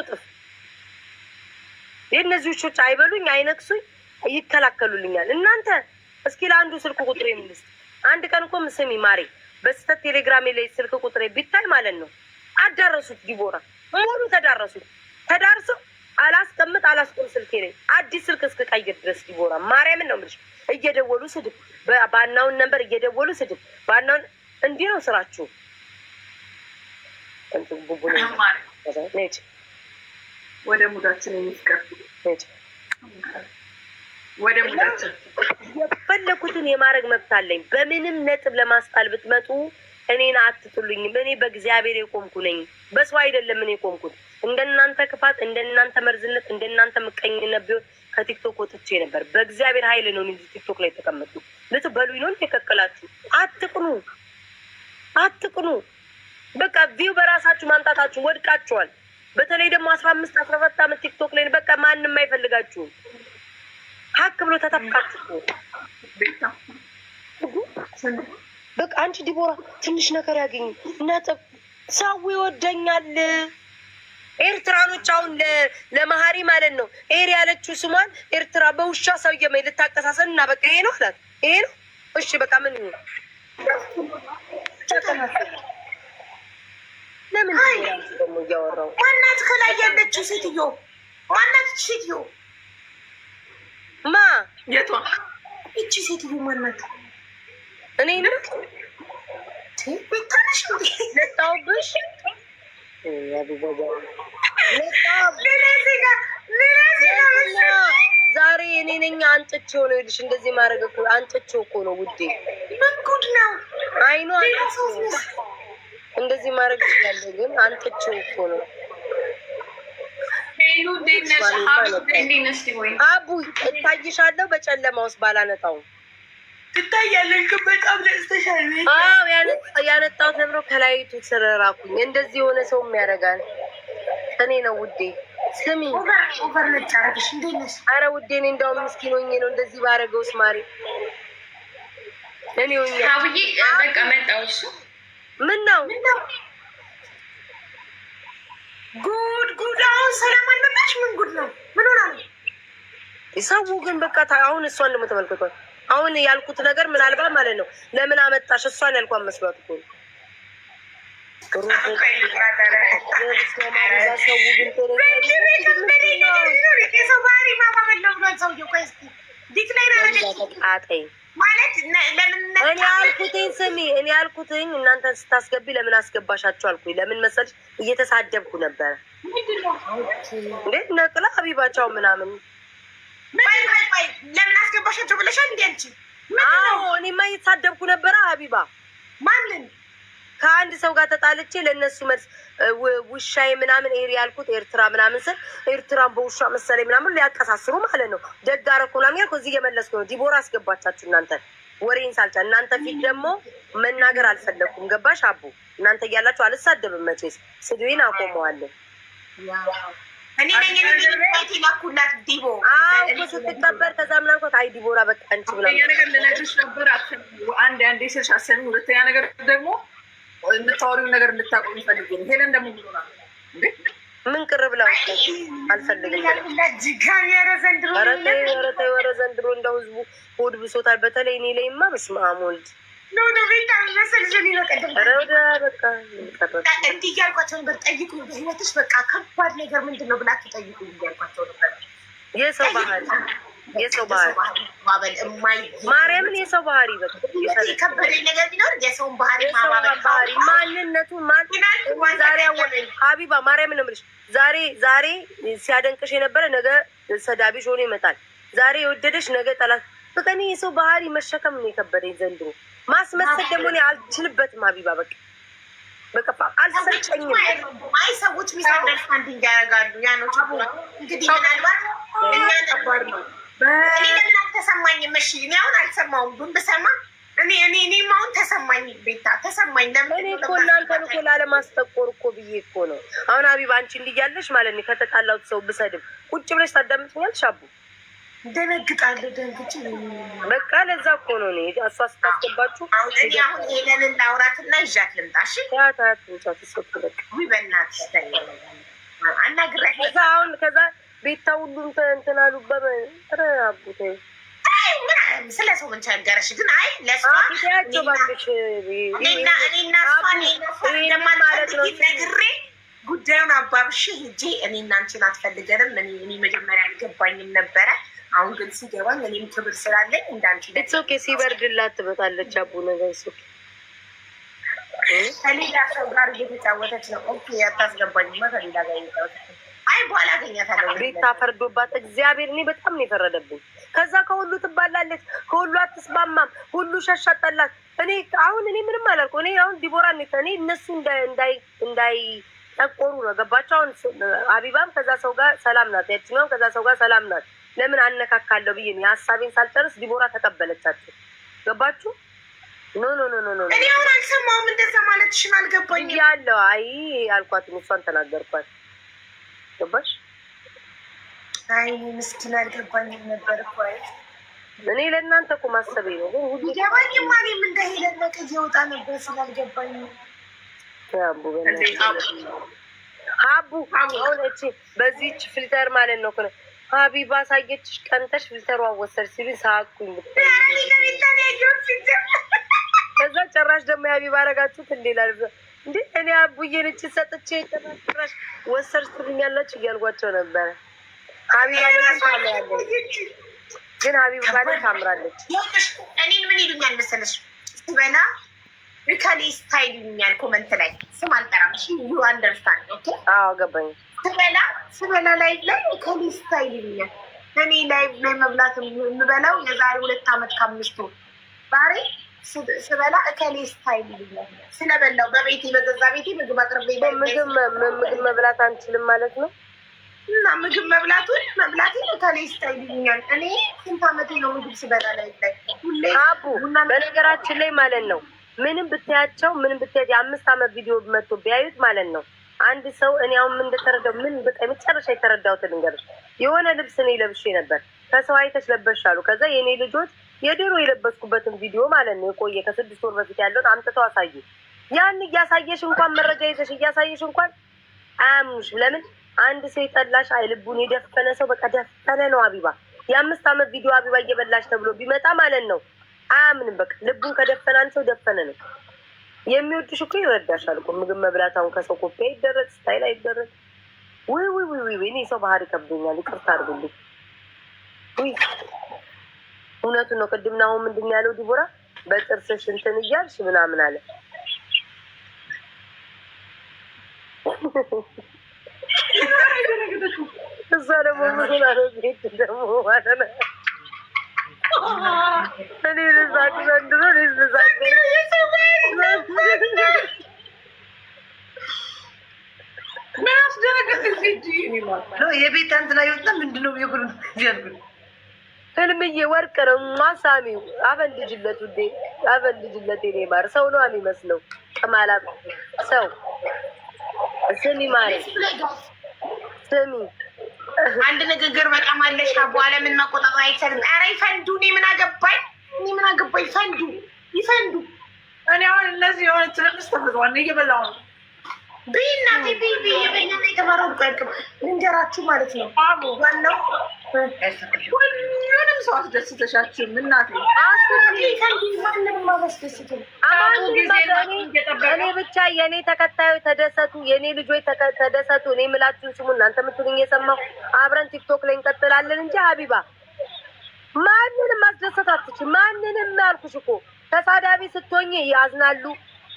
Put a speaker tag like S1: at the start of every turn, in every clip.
S1: እጥፍ የእነዚህ ውሾች አይበሉኝ፣ አይነክሱኝ፣ ይከላከሉልኛል። እናንተ እስኪ ለአንዱ ስልክ ቁጥሬ የምልስ አንድ ቀን እኮ ስሚ ማሬ፣ በስተት ቴሌግራሜ ላይ ስልክ ቁጥሬ ቢታይ ማለት ነው አዳረሱት። ዲቦራ ሙሉ ተዳረሱት። ተዳርሰው አላስቀምጥ አላስቆም ስልኬ ላይ አዲስ ስልክ እስክቀይር ድረስ ዲቦራ ማርያምን ነው የምልሽ። እየደወሉ ስድብ፣ ባናውን ነበር እየደወሉ ስድብ፣ ባናውን እንዲህ ነው ስራችሁ።
S2: ወደ ሙዳችን የሚስቀርቡ ወደ ሙዳችን
S1: የፈለኩትን የማድረግ መብት አለኝ። በምንም ነጥብ ለማስጣል ብትመጡ እኔን አትጥሉኝም። እኔ በእግዚአብሔር የቆምኩ ነኝ፣ በሰው አይደለም። እኔ የቆምኩት እንደናንተ ክፋት፣ እንደናንተ መርዝነት፣ እንደናንተ ምቀኝነት ቢሆን ከቲክቶክ ወጥቼ ነበር። በእግዚአብሔር ኃይል ነው እንጂ ቲክቶክ ላይ የተቀመጡ ልት በሉኝ ነው የከከላችሁ። አትቅኑ፣ አትቅኑ። በቃ ቪው በራሳችሁ ማምጣታችሁ ወድቃችኋል። በተለይ ደግሞ አስራ አምስት አስራ አራት ዓመት ቲክቶክ ላይ በቃ ማንም አይፈልጋችሁም። ሀክ ብሎ ተተካችሁ በቃ አንቺ ዲቦራ ትንሽ ነገር ያገኝ እና ሰው ይወደኛል። ኤርትራኖች አሁን ለመሀሪ ማለት ነው ኤር ያለችው ስሟን ኤርትራ በውሻ ሰው መሄድ ልታቀሳሰን እና በቃ ይሄ ነው አላት። ይሄ ነው እሺ፣ በቃ ምን ነው እያወራው። ማናት ከላይ ያለችው ሴትዮ? ማናት ሴትዮ? ማ የቷ? እቺ ሴትዮ ማናት? እኔ ነው ቤታነሽ ዛሬ እኔ ነኝ አንጥቼው ነው ይልሽ። እንደዚህ ማድረግ እኮ አንጥቼው እኮ ነው ውዴ። ምን ጉድ ነው አይኗ እንደዚህ ማድረግ ይችላል። ግን አንተችው እኮ ነው። አቡ እታይሻለሁ በጨለማ ውስጥ ባላነጣው
S2: ትታያለሽ። ግን በጣም ደስተሻል።
S1: ያነጣው ነብሮ ከላይቱ ስረራኩኝ እንደዚህ የሆነ ሰው የሚያደርጋል እኔ ነው ውዴ ስሚ አረ ውዴ፣ እኔ እንዳውም ምስኪን ሆኜ ነው እንደዚህ ባረገውስ ማሪ እኔ ሆኜ ምን ነው ጉድ ጉድ! አሁን ሰላም አለበች። ምን ጉድ ነው? ምን ሆና ነው? ሰው ግን በቃ አሁን እሷን ደግሞ ተመልክቷል። አሁን ያልኩት ነገር ምናልባት ማለት ነው ለምን አመጣሽ እሷን ያልኳን መስሏት እኮ ነው። ሰው ባህሪ ማባበለው ሰውዬ ቆይ እስኪ ዲክላይን አጠይ እኔ አልኩትኝ ስሚ፣ እኔ አልኩትኝ እናንተን ስታስገቢ ለምን አስገባሻችሁ አልኩኝ። ለምን መሰለሽ እየተሳደብኩ ነበረ። እንዴት ነቅላ ሀቢባቸው ምናምን ለምን አስገባሻቸው ብለሻል እንዴ አንቺ? አዎ እኔማ እየተሳደብኩ ነበረ ሀቢባ ማንን ከአንድ ሰው ጋር ተጣልቼ ለእነሱ መልስ ውሻዬ ምናምን ኤሪ ያልኩት ኤርትራ ምናምን ስል ኤርትራን በውሻ መሰለኝ ምናምን ሊያቀሳስሩ ማለት ነው። ደግ አደረኩ ምናምን ያልኩ እዚህ እየመለስኩ ነው። ዲቦራ አስገባቻችሁ እናንተ ወሬን ሳልቻ እናንተ ፊት ደግሞ መናገር አልፈለግኩም። ገባሽ አቡ እናንተ እያላችሁ አልሳደብም። መቼስ ስድዌን አቆመዋለሁ። ስትቀበር ከዛ ምናልኳት አይ ዲቦራ በቃ አንቺ
S2: ብላ ነገር ልነግርሽ ነበር። አንድ አንድ ስልሽ አሰሚ። ሁለተኛ ነገር ደግሞ የምታወሪው ነገር እንድታቆም ፈልግ። ሄለን ደግሞ ብሎና
S1: ምን ቅር ብላ አልፈልግምረረረ ዘንድሮ እንደው ህዝቡ ሆድ ብሶታል። በተለይ እኔ ላይማ በስመ አብ ወልድ እንዲህ እያልኳቸው ነበር። ጠይቁ በህይወትሽ በቃ ከባድ ነገር ምንድን ነው ብላችሁ ጠይቁ እያልኳቸው ነበር የሰው ባህል የሰው ባህሪ ማርያምን የሰው ባህሪ በከበደኝ ነገር ባህሪ ባህሪ ዛሬ ሀቢባ ማርያምን ነው የምልሽ። ዛሬ ዛሬ ሲያደንቅሽ የነበረ ነገ ሰዳቢሽ ሆኖ ይመጣል። ዛሬ የወደደሽ ነገ ጠላት። በቃ እኔ የሰው ባህሪ መሸከም ነው የከበደኝ ዘንድሮ። ማስመሰል ደግሞ እኔ አልችልበትም ሀቢባ በቃ በቀፋ አልሰጨኝም። አይ ሰዎች ሚስ አንደርስታንዲንግ ያደርጋሉ። ያ ነው ችግሩ። እንግዲህ ምናልባት እኛ ነበር ነው እኔ ለምን አልተሰማኝም? እሺ እኔ አሁን አልሰማሁም፣ ግን ብሰማ እኔ እኔ እኔም አሁን ተሰማኝ፣ ቤታ ተሰማኝ። ለምን እኔ እኮ እናንተን እኮ ላለማስጠቆር እኮ ብዬ እኮ ነው። አሁን ሀቢብ አንቺ እንዲያለሽ ማለት ነው ከተጣላሁት ሰው ብሰድብ ቁጭ ብለሽ ታዳምጥኛል ሻቡ ደነግጣለሁ ደንግጬ በቃ ለዛ እኮ ነው እኔ እሷ ስታስገባችሁ አሁን እኔ አሁን ሄለን ላውራትና ይዣት ልምጣ እሺ ታት ታት ታት ሶክ በቃ በእናትሽ አናግረህ ከዛ አሁን ከዛ ቤታ ሁሉም እንትን አሉበት። ኧረ አቡቴ ጉዳዩን አባብሽ ሂጂ። እኔ እናንቺን አትፈልገንም። እኔ መጀመሪያ አልገባኝም ነበረ። አሁን ግን ሲገባኝ እኔም ክብር ስላለኝ እንዳንቺ ኦኬ። ሲበርድላት ትመጣለች። አቡ ነገር ሱ ከሌላ ሰው ጋር እየተጫወተች ነው። ኦኬ፣ አታስገባኝማ ከሌላ ጋር እየተጫወተች አይ በኋላ አገኛታለሁ። ቤታ ፈርዶባት እግዚአብሔር፣ እኔ በጣም ነው የፈረደብኝ። ከዛ ከሁሉ ትባላለች፣ ከሁሉ አትስማማም፣ ሁሉ ሸሻጠላት። እኔ አሁን እኔ ምንም አላልኩ። እኔ አሁን ዲቦራ ነ እኔ እነሱ እንዳይ ጠቆሩ ነው ገባቸው። አሁን አቢባም ከዛ ሰው ጋር ሰላም ናት፣ ያችኛውም ከዛ ሰው ጋር ሰላም ናት። ለምን አነካካለሁ ብዬ ነው የሀሳቤን ሳልጨርስ ዲቦራ ተቀበለቻቸው። ገባችሁ? ኖ ኖ ኖ ኖ እኔ አሁን አልሰማሁም። እንደዛ ማለትሽን አልገባኝም ያለው አይ አልኳት፣ እሷን ተናገርኳት። ገባሽ? አይ ምስኪን አልገባኝም ነበር እኮ። እኔ ለእናንተ እኮ ማሰቤ ነው። ገባኝ ማ እኔም እንዳሄለን ነበር ስላልገባኝ ሀቡ ሆነች በዚች ፊልተር ማለት ነው። ሀቢባ ሳየችሽ ቀንተሽ ፊልተሯ ወሰድ ሲሉኝ ሳቁኝ። ከዛ ጨራሽ ደግሞ የሀቢባ አረጋችሁት እንዴ? እንዴ እኔ አቡዬን እጅ ሰጥቼ ተመጥራሽ ወሰር ትልኛላችሁ እያልጓቸው ነበረ። ሀቢባ ግን ሀቢብ ማለት ታምራለች። እኔን ምን ይሉኛል መሰለሽ ስበላ ሪካሌ ስታይል ይሉኛል ኮመንት ላይ ስም አልጠራም። ዩ አንደርስታንድ ኦኬ? አዎ ገባኝ። ስበላ ስበላ ላይ ላይ ሪካሌ ስታይል ይሉኛል። እኔ ላይ ላይ መብላት የምበላው የዛሬ ሁለት አመት ከአምስት ወር ባሬ ስበላ እከሌ ስታይል ይሉኛል። ስለበላው በቤቴ በገዛ ቤቴ ምግብ አቅርቤ ምግብ መብላት አንችልም ማለት ነው። እና ምግብ መብላቱን መብላቴን እከሌ ስታይል ይሉኛል። እኔ ስንት አመቴ ነው ምግብ ስበላ ላይ ላይ አቡ በነገራችን ላይ ማለት ነው። ምንም ብታያቸው ምንም ብታያ የአምስት ዓመት ቪዲዮ መቶ ቢያዩት ማለት ነው አንድ ሰው እኔ አሁን ምን እንደተረዳው ምን በቃ የመጨረሻ የተረዳሁትን ልንገርሽ። የሆነ ልብስ እኔ ለብሼ ነበር ከሰው አይተሽ ለበሻሉ። ከዛ የእኔ ልጆች የድሮ የለበስኩበትን ቪዲዮ ማለት ነው የቆየ ከስድስት ወር በፊት ያለውን አምጥተው አሳዩ። ያን እያሳየሽ እንኳን መረጃ ይዘሽ እያሳየሽ እንኳን አያምኑሽ። ለምን አንድ ሰው ጠላሽ አይልቡን የደፈነ ሰው በቃ ደፈነ ነው። አቢባ የአምስት ዓመት ቪዲዮ አቢባ እየበላሽ ተብሎ ቢመጣ ማለት ነው አያምንም። በቃ ልቡን ከደፈነ አንድ ሰው ደፈነ ነው። የሚወድሽ እኮ ይረዳሻል እኮ ምግብ መብላት አሁን ከሰው ኮፒ አይደረግ ስታይል አይደረግ። ውይ ውይ ውይ ውይ እኔ ሰው ባህሪ ከብዶኛል። ይቅርታ አድርጉልኝ ውይ እውነቱ ነው። ቅድም ናሁ ምንድን ያለው ዲቦራ በጥርስሽ እንትን እያልሽ ምናምን አለ። እዛ ደግሞ ምና ቤት ደግሞ እኔ ልዛቅ ዘንድሮ ልዛቅ ምን አስደረገ? የቤት አንትና ይወጣ ምንድነው? ያልኩ ህልምዬ ወርቅ ነው። ማሳሚው አበልጅለት ውዴ፣ አበልጅለት የኔ ማር። ሰው ነው የሚመስለው ቅማላ ሰው። ስሚ ማር፣ ስሚ አንድ ንግግር በጣም አለሽ። በኋላ ምን መቆጣጠር አይቻልም። ኧረ ይፈንዱ። እኔ ምን አገባኝ? እኔ ምን አገባኝ? ይፈንዱ፣ ይፈንዱ። እኔ አሁን እነዚህ የሆነ ትርምስ ተፈጥሯል። እየበላሁ ነው ቢናቲ ቢቢ የበኛና የተማረው ቀቅም ልንገራችሁ ማለት ነው። ዋናው ሁሉንም ሰው አስደስተሻችሁም እናቴ እኔ ብቻ የኔ ተከታዮች ተደሰቱ፣ የኔ ልጆች ተደሰቱ። እኔ የምላችሁን ስሙ፣ እናንተ የምትሉኝ የሰማሁ አብረን ቲክቶክ ላይ እንቀጥላለን እንጂ ሀቢባ ማንንም አስደሰታትች ማንንም ያልኩሽ እኮ ተሳዳቢ ስትሆኝ ያዝናሉ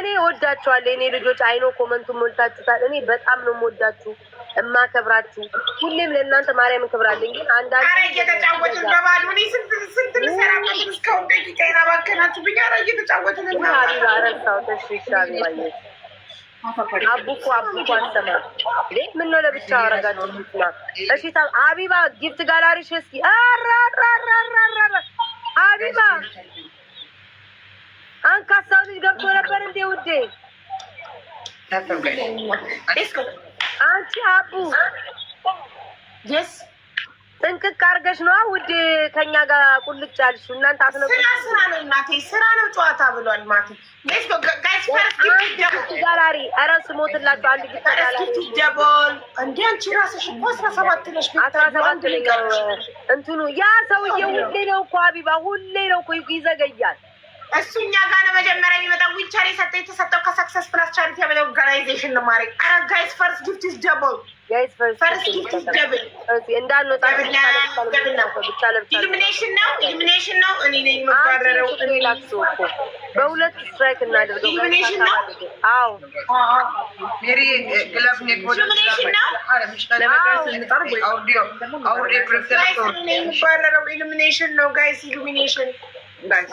S1: እኔ ወዳችኋለሁ የኔ ልጆች። አይኖ ኮመንቱ ሞልታችሁታል። እኔ በጣም ነው የምወዳችሁ እማከብራችሁ። ሁሌም ለእናንተ ማርያምን ክብር አለኝ። ግን አንዳንድ እየተጫወትን በባሉ ስንት ስንት ልሰራበት እስካሁን ደቂቃ የራባከናችሁ ብኛ እየተጫወትን ረሳው ተሽ ይሻል ባየች አቡኮ አቡኮ አሰማ ምን ነው ለብቻ አረጋችሁ ና እሺ። ታ አቢባ ጊፍት ጋላሪሽ እስኪ አራራራራራ አቢባ ውዴ አንቺ አቡ ጥንቅቅ አድርገሽ ነዋ ውዴ ከኛ ጋር ቁልጭ አልሽ። እናንተ አስነ ስራ ነው እናቴ ስራ ነው ጨዋታ ብሏል ማቴ ጋራሪ ኧረ ስሞትላቸው አንድ ጊደቦል እንዲ አንቺ ራስሽ እኮ አስራ ሰባት ነሽ አስራ ሰባት እንትኑ ያ ሰውዬ ሁሌ ነው እኮ አቢባ ሁሌ ነው እኮ ይዘገያል። እሱ እኛ ጋር ለመጀመሪያ የሚመጣው ዊልቸር የሰጠ የተሰጠው ከሰክሰስ ፕላስ ቻሪቲ ያበለ ኦርጋናይዜሽን ነው። ማሪ አረ ጋይስ ፈርስት ጊፍት ኢዝ ደብል ፈርስት ጊፍት ኢዝ ደብል እንዳንወጣ ኢሉሚኔሽን ነው ኢሉሚኔሽን ነው። እኔ ነኝ የምባረረው። በሁለት ስትራይክ እናደርገው። ኢሉሚኔሽን ነው። አዎ ሜሪ ግላፍ ኔጎ ነው። ለመቀስ ነው ጋይስ ኢሉሚኔሽን ጋይስ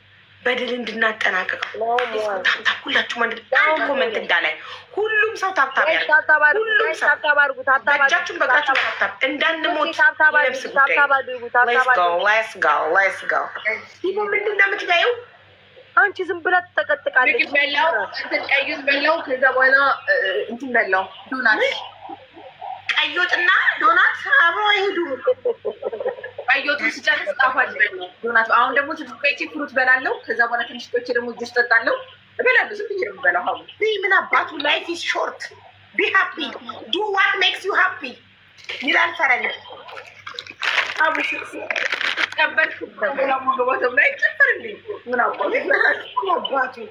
S1: በድል እንድናጠናቀቀው ሁላችሁም አንድ ኮመንት እንዳላይ ሁሉም ሰው ታብታብ ያርጉእጃችሁን በእግራችሁ ታብታብ እንዳንሞት ጉዳይ ምንድን ነው አንቺ ዝም ብላ ትጠቀጥቃለች። በላው በላው ከዛ በኋላ እንትን በላው ዶናት ቀዩጥና ዶናት አብሮ አይሄዱም። ቀይወጡን ስጨርስ ጣፋጭ ሆናት። አሁን ደግሞ ትንሽ ፍሩት በላለው። ከዛ በኋላ ትንሽ ቆይቼ ደግሞ ጁስ ጠጣለው እበላለሁ። ዝም ብዬ ነው የምበላው። ሀቡ ምን አባቱ ላይፍ ኢዝ ሾርት ቢ ሀፒ ዱ ዋት ሜክስ ዩ ሃፒ ይላል ፈረን ሀቡ ሲቀበል ሞገቦቶም ላይ ጭፍርልኝ ምን አባቱ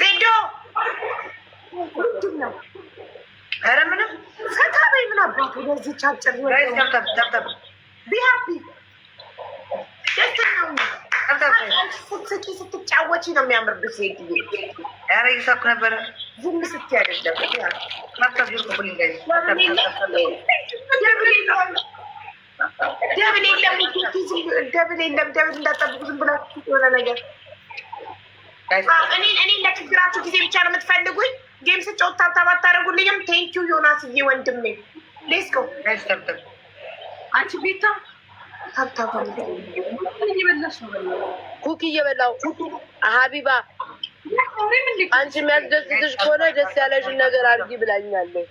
S1: ዜዶ ነው ኧረ ምንም ፈታ በይ። ምን አባቱ በዚህ ቻጭር ስትጫወቺ ነው የሚያምርብሽ። ኧረ እየሳኩ ነበረ። ዝም ስትይ አይደለም ደብል የለም ደብል የለም ደብል እንዳጠብቁ ዝም ብላችሁ የሆነ ነገር እኔ ለችግራችሁ ጊዜ ብቻ ነው የምትፈልጉኝ የምጫወት ታብታብ አታደርጉልኝም? ቴንኪው ዮናስዬ ወንድሜ ሌስኮ አንቺ ቤታ ኩኪ እየበላው ሀቢባ አንቺ የሚያስደስትሽ ከሆነ ደስ ያለሽን ነገር አድርጊ ብላኛለች።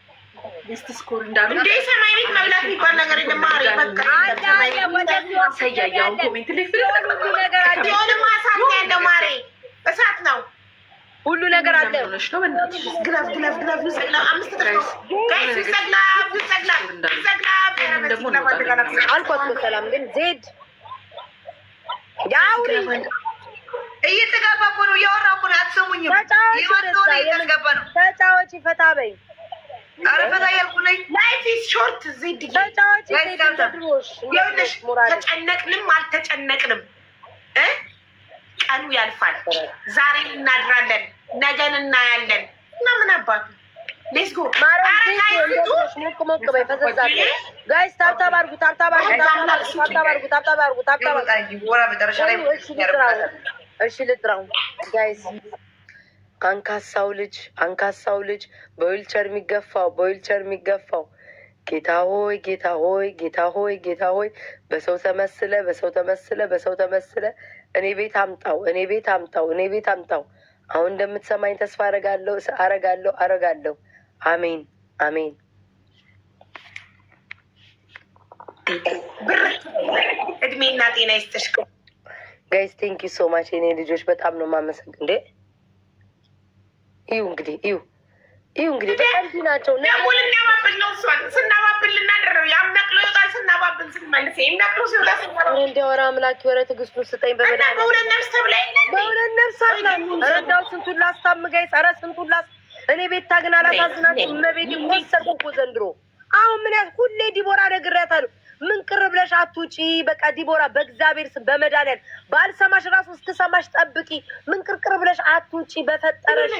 S1: ስኮር እንዳሉ እንደ ሰማይ ቤት መብላት የሚባል ነገር ማሪ እሳት ነው። ሁሉ ነገር አለ። አልኳት በሰላም ግን ዜድ ዳውሪ እየተገባ እኮ ነው እያወራ እኮ ነው። አትሰሙኝም። ተጫወች ፈታ በይ ተጨነቅንም አልተጨነቅንም ቀኑ ያልፋል። ዛሬ እናድራለን፣ ነገን እናያለን እና ምን አባቱ ሌስጎ አንካሳው ልጅ አንካሳው ልጅ በዊልቸር የሚገፋው በዊልቸር የሚገፋው ጌታ ሆይ ጌታ ሆይ ጌታ ሆይ ጌታ ሆይ በሰው ተመስለ በሰው ተመስለ በሰው ተመስለ እኔ ቤት አምጣው እኔ ቤት አምጣው እኔ ቤት አምጣው። አሁን እንደምትሰማኝ ተስፋ አረጋለሁ አረጋለሁ አረጋለሁ። አሜን አሜን። እድሜና ጤና ይስጥሽ ጋይስ። ቴንኪ ሶ ማች የኔ ልጆች፣ በጣም ነው ማመሰግ እንዴ እዩ እንግዲህ እዩ እዩ እንግዲህ በጣም ናቸው። ደሙን እናባብል ነው እሷን ስናባብል ልናደረው ያም ይወጣል። ስናባብል ስንመልስ ይህም ሲወጣ ስናባብል እንዲያወራ አምላክ የሆነ ትዕግስቱን ስጠኝ። ነፍስ ነፍስ ስንቱን ላስታምጋይ ጸረ ስንቱን ላስ እኔ ቤታ ግን አላሳዝናት መቤት ኮሰቁ ዘንድሮ አሁን ምን ያል ሁሌ ዲቦራ ነግሬያታለሁ ምን ቅር ብለሽ አትውጪ። በቃ ዲቦራ በእግዚአብሔር ስም በመድኃኒዓለም ባልሰማሽ ራሱ እስክሰማሽ ጠብቂ። ምን ቅርቅር ብለሽ አትውጪ በፈጠረሽ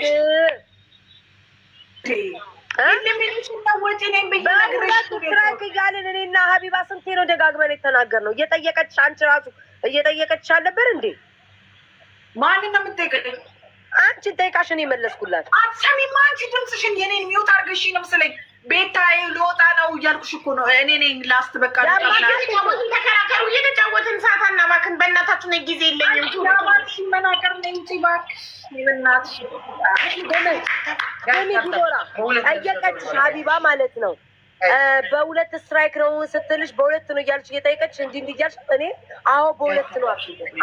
S1: ትራክ እያልን እኔና ሀቢባ ስንቴ ነው ደጋግመን የተናገርነው? እየጠየቀች አንቺ ራሱ እየጠየቀች አልነበር እንዴ? ማንን ነው የምትጠይቀኝ? አንቺን ጠይቃሽ እኔ መለስኩላት። አትሰሚም አንቺ ድምፅሽን የኔን ሚውት አድርገሽ ነው መሰለኝ ቤታዬ ልወጣ ነው እያልኩሽ እኮ ነው። እኔ ነኝ ላስት በቃ ተከራከሩ፣ እየተጫወትን ሰዓት አናባክን። በእናታችሁ ጊዜ የለኝም። መናገር ሀቢባ ማለት ነው። በሁለት ስትራይክ ነው ስትልሽ በሁለት ነው እያልሽ እንዲህ እንዲህ እያልሽ እኔ አዎ በሁለት ነው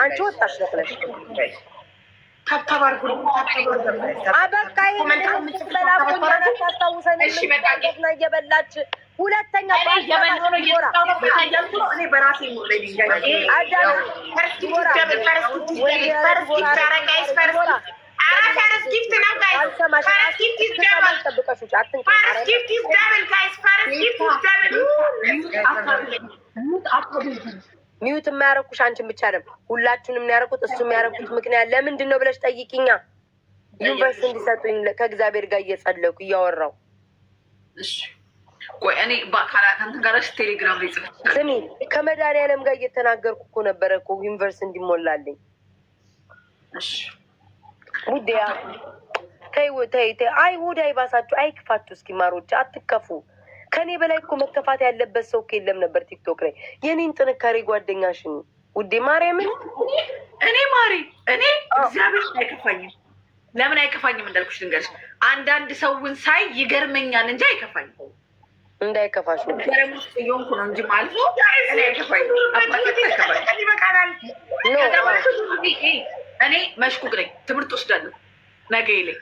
S1: አንቺ ወጣሽ ታብታብ አድርጉ። አበቃይ ምንበላ ቁኛና ታስታውሰን ምንጠቀት ነው እየበላች ሁለተኛ ባልሰማሽ ሚዩት የማያረኩሽ አንቺን ብቻ አይደል፣ ሁላችሁንም የሚያረኩት እሱ የሚያረኩት ምክንያት ለምንድን ነው ብለሽ ጠይቅኛ። ዩኒቨርስቲ እንዲሰጡኝ ከእግዚአብሔር ጋር እየጸለኩ እያወራው ስሚ፣ ከመድኃኒዓለም ጋር እየተናገርኩ እኮ ነበረ እኮ ዩኒቨርስቲ እንዲሞላልኝ ውዴ። ተይ ተይ ተይ። አይ ወደ አይባሳችሁ፣ አይክፋችሁ። እስኪ ማሮች አትከፉ። ከኔ በላይ እኮ መከፋት ያለበት ሰው እኮ የለም ነበር ቲክቶክ ላይ። የኔን ጥንካሬ ጓደኛሽን ውዴ ማርያምን እኔ ማሪ እኔ እግዚአብሔር አይከፋኝም። ለምን አይከፋኝም እንዳልኩሽ ልንገርሽ፣ አንዳንድ ሰውን ሳይ ይገርመኛል እንጂ አይከፋኝም። እንዳይከፋሽ ሆንኩ ነው እንጂ ማለት እኔ መሽኩቅ ነኝ፣ ትምህርት ወስዳለሁ ነገ ላይ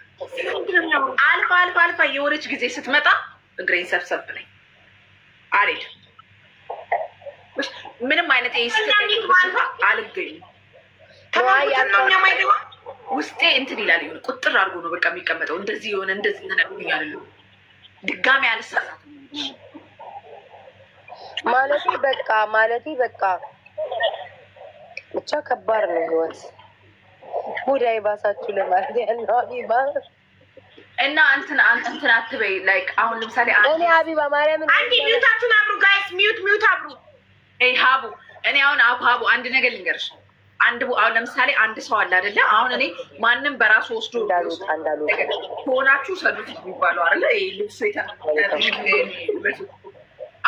S1: አልፋ አልፋ አልፋ የወረች ጊዜ ስትመጣ እግሬን ሰብሰብ ብለኝ አልሄድም። ምንም አይነት አልገኙም። ውስጤ እንትን ይላል። ሆነ ቁጥር አድርጎ ነው በቃ የሚቀመጠው። እንደዚህ የሆነ እንደዚህ ተነግሩኝ ድጋሚ አልሳሳት ማለት በቃ ማለት በቃ ብቻ ከባድ ነው ህይወት። ሙዳይ ባሳችሁ ለማለት ያለው አቢባ እና እንትን እንትን አትበይ። ላይክ አሁን ለምሳሌ እኔ ሀቢባ ማርያምን አንዴ ሚዩታችሁን አብሩ ጋይስ፣ ሚውት ሚውት አብሩ። ሀቡ እኔ አሁን አቡ ሀቡ አንድ ነገር ልንገርሽ። አንድ አሁን ለምሳሌ አንድ ሰው አለ አይደለ? አሁን እኔ ማንም በራሱ ወስዶ ከሆናችሁ ሰዱት የሚባለው አለ ልብሶ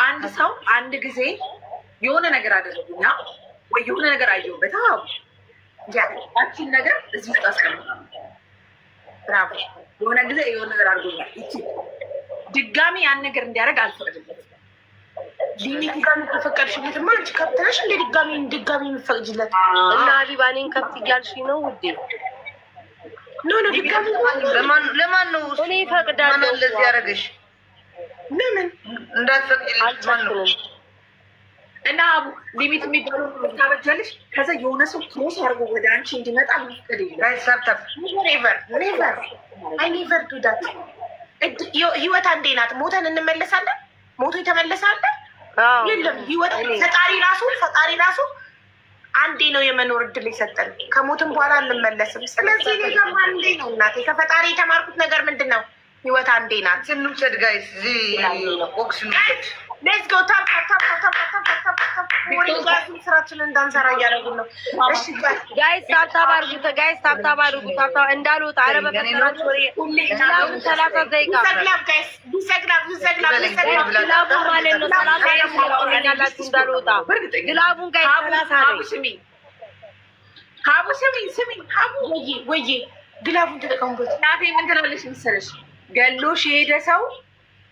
S1: አንድ ሰው አንድ ጊዜ የሆነ ነገር አደረጉና ወይ የሆነ ነገር አየሁበት ሀቡ ያችን ነገር እዚህ ውስጥ አስቀምጣ ብራቮ የሆነ ጊዜ የሆነ ነገር አድርጎኛል። ይቺ ድጋሚ ያን ነገር እንዲያደርግ አልፈቅድለት። ድጋሚ ከፈቀድሽለትማ አንቺ ከብት ነሽ እንደ ድጋሚ ድጋሚ የምፈቅጅለት እና አሊባኔን ከብት እያልሽኝ ነው ውዴ? ኖ ኖ ድጋሚ ለማን ነው እኔ ፈቅዳለሁ። እንደዚህ ያደረገሽ ለምን እንዳትፈቅጅለት ማን ነው? እና አቡ ሊሚት የሚባሉ ታበጃለሽ። ከዛ የሆነ ሰው ክሮስ አድርጎ ወደ አንቺ እንዲመጣ ምፍቅድ ኔቨር ህይወት አንዴ ናት። ሞተን እንመለሳለን። ሞቶ የተመለሳለ የለም። ህይወት ፈጣሪ ራሱ ፈጣሪ ራሱ አንዴ ነው የመኖር እድል የሰጠን። ከሞትም በኋላ እንመለስም። ስለዚህ ነገር አንዴ ነው እናቴ። ከፈጣሪ የተማርኩት ነገር ምንድን ነው? ህይወት አንዴ ናት። ስንውሰድ ጋይስ ኦክስ ሌትስ ጎ ታም ታም ታም ታም ታም ታም ወሬ ጋር ስራችንን እንዳንሰራ እያደረጉን ነው። እሺ ጋይስ ታብታብ አድርጉት፣ ጋይስ ጋይስ ይሰግላብ ይሰግላብ ይሰግላብ ክላቡ ማለት እንዳልወጣ ክላቡን ጋይስ ሰላሳ ነው። ግላቡን ተጠቀሙበት። ምን ትላለች መሰለሽ ገሎሽ የሄደ ሰው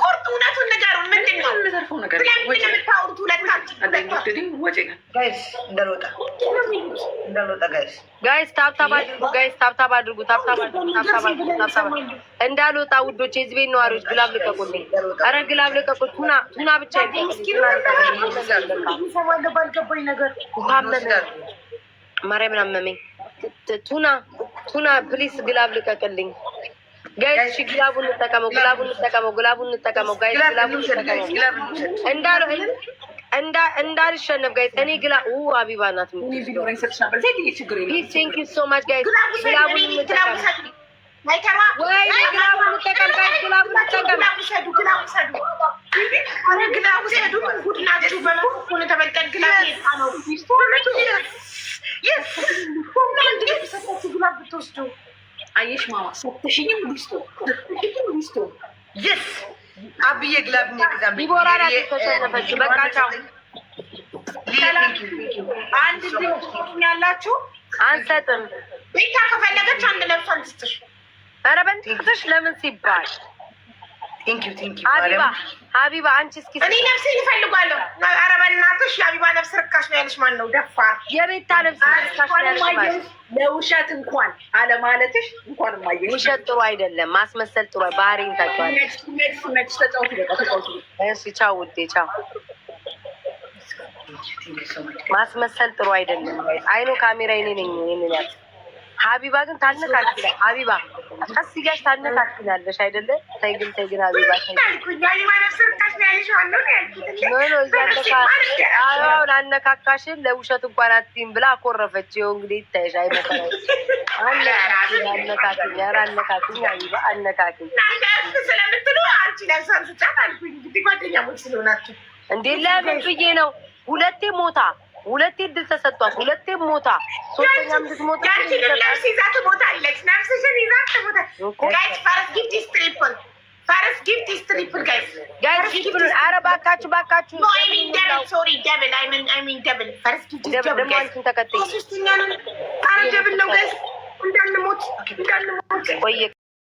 S1: ቆርጥ እውነቱን ንገሩን። ምንድን ነው የምታወሩት? ጋይስ ታብታብ አድርጉ፣ ጋይስ ታብታብ አድርጉ፣ ታብታብ አድርጉ እንዳልወጣ ውዶች፣ የህዝቤ ነዋሪዎች ግላብ ልቀቁልኝ። ኧረ ግላብ ልቀቁ። ቱና ቱና ብቻ ማርያምን አመመኝ። ቱና ቱና ፕሊስ ግላብ ልቀቅልኝ። ጋይስ ግላቡ እንጠቀመው፣ ግላቡ እንጠቀመው፣ ግላቡ እንጠቀመው፣ ጋይስ ግላቡ እንጠቀመው። እንዳል እንዳ እንዳልሸነፍ ጋይስ እኔ ግላ ኡ አቢባ ናት ዩ ሶ ማች ጋይስ ግላቡ እንጠቀም አየሽ ማማ ሰተሽኝም ሰተሽኝም የስ አብዬ ናት በቃ ቻው። አንድ ያላችሁ አንሰጥም። ቤታ ከፈለገች አንድ ለብሷን ትስጥሽ። ኧረ በእንትን ለምን ሲባል ሀቢባ አንቺ እስኪ እኔ ነፍሴን እፈልጋለሁ። ኧረ በእናትሽ የሀቢባ ነፍስ ርካሽ ነው ያለሽ ማነው? ደፋር የቤታ ነፍስ ለውሸት እንኳን አለማለትሽ እንኳን ማየሽ ውሸት ጥሩ አይደለም። ማስመሰል ጥሩ ባህሪን ታውቂዋለሽ። እሺ ቻው ውዴ፣ ቻው። ማስመሰል ጥሩ አይደለም። አይኑ ካሜራ ይኔ ነኝ ይህንን ያል ሀቢባ ግን ታነካክላ ሀቢባ ቀስ እያልሽ ታነካክላለሽ አይደለ? ተይ ግን ተይ ግን ሀቢባ አሁን አነካካሽን ለውሸት እንኳን አትይም ብላ አኮረፈች። ይኸው እንግዲህ ይታይሽ። አይመከራ አነካክኝ፣ ኧረ አነካክኝ ሀቢባ አነካክኝ ስለምትሉ አንቺ ለብሳን አልኩኝ። እንግዲህ ጓደኛሞች ስለሆናችሁ እንዴ ለምን ብዬ ነው ሁለቴ ሞታ ሁለቴ እድል ተሰጧት፣ ሁለቴ ሞታ፣ ሶስተኛ ምድት ነፍስ ይዛ ትሞታለች። ነፍስሽን ይዛ ትሞታለች። ፈረስ ጊፍት ኢዝ ፈረስ ጊፍት ኢዝ ጋይስ ጋይስ ጊፍት ኧረ እባካችሁ እባካችሁ፣ ሶሪ ደብል አይሚን ደብል ፈረስ ጊፍት ኢዝ ደብል። አንቺን ተከትዬ ሶስተኛ ነው። ኧረ ደብል ነው ጋይስ እንዳንሞት እንዳንሞት ቆየ